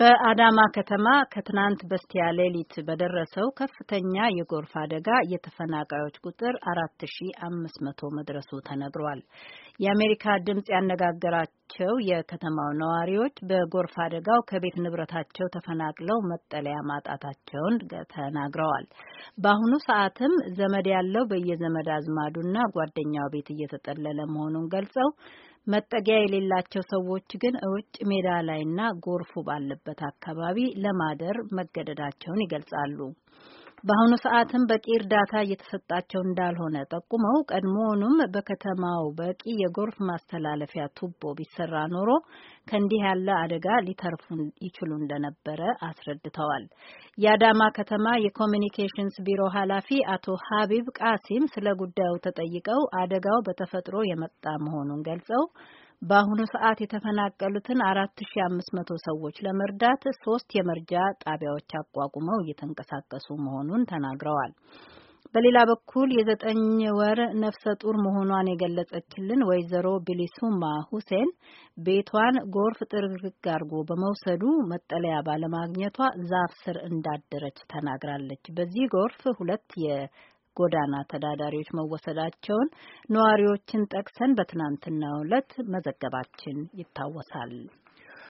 በአዳማ ከተማ ከትናንት በስቲያ ሌሊት በደረሰው ከፍተኛ የጎርፍ አደጋ የተፈናቃዮች ቁጥር መቶ መድረሱ ተነግሯል። የአሜሪካ ድምጽ ያነጋገራቸው ያላቸው የከተማው ነዋሪዎች በጎርፍ አደጋው ከቤት ንብረታቸው ተፈናቅለው መጠለያ ማጣታቸውን ተናግረዋል። በአሁኑ ሰዓትም ዘመድ ያለው በየዘመድ አዝማዱና ጓደኛው ቤት እየተጠለለ መሆኑን ገልጸው መጠጊያ የሌላቸው ሰዎች ግን ውጭ ሜዳ ላይና ጎርፉ ባለበት አካባቢ ለማደር መገደዳቸውን ይገልጻሉ። በአሁኑ ሰዓትም በቂ እርዳታ እየተሰጣቸው እንዳልሆነ ጠቁመው ቀድሞውኑም በከተማው በቂ የጎርፍ ማስተላለፊያ ቱቦ ቢሰራ ኖሮ ከእንዲህ ያለ አደጋ ሊተርፉ ይችሉ እንደነበረ አስረድተዋል። የአዳማ ከተማ የኮሚኒኬሽንስ ቢሮ ኃላፊ አቶ ሀቢብ ቃሲም ስለ ጉዳዩ ተጠይቀው አደጋው በተፈጥሮ የመጣ መሆኑን ገልጸው በአሁኑ ሰዓት የተፈናቀሉትን አራት ሺ አምስት መቶ ሰዎች ለመርዳት ሶስት የመርጃ ጣቢያዎች አቋቁመው እየተንቀሳቀሱ መሆኑን ተናግረዋል። በሌላ በኩል የዘጠኝ ወር ነፍሰ ጡር መሆኗን የገለጸችልን ወይዘሮ ቢሊሱማ ሁሴን ቤቷን ጎርፍ ጥርግርግ አድርጎ በመውሰዱ መጠለያ ባለማግኘቷ ዛፍ ስር እንዳደረች ተናግራለች። በዚህ ጎርፍ ሁለት ጎዳና ተዳዳሪዎች መወሰዳቸውን ነዋሪዎችን ጠቅሰን በትናንትናው ዕለት መዘገባችን ይታወሳል።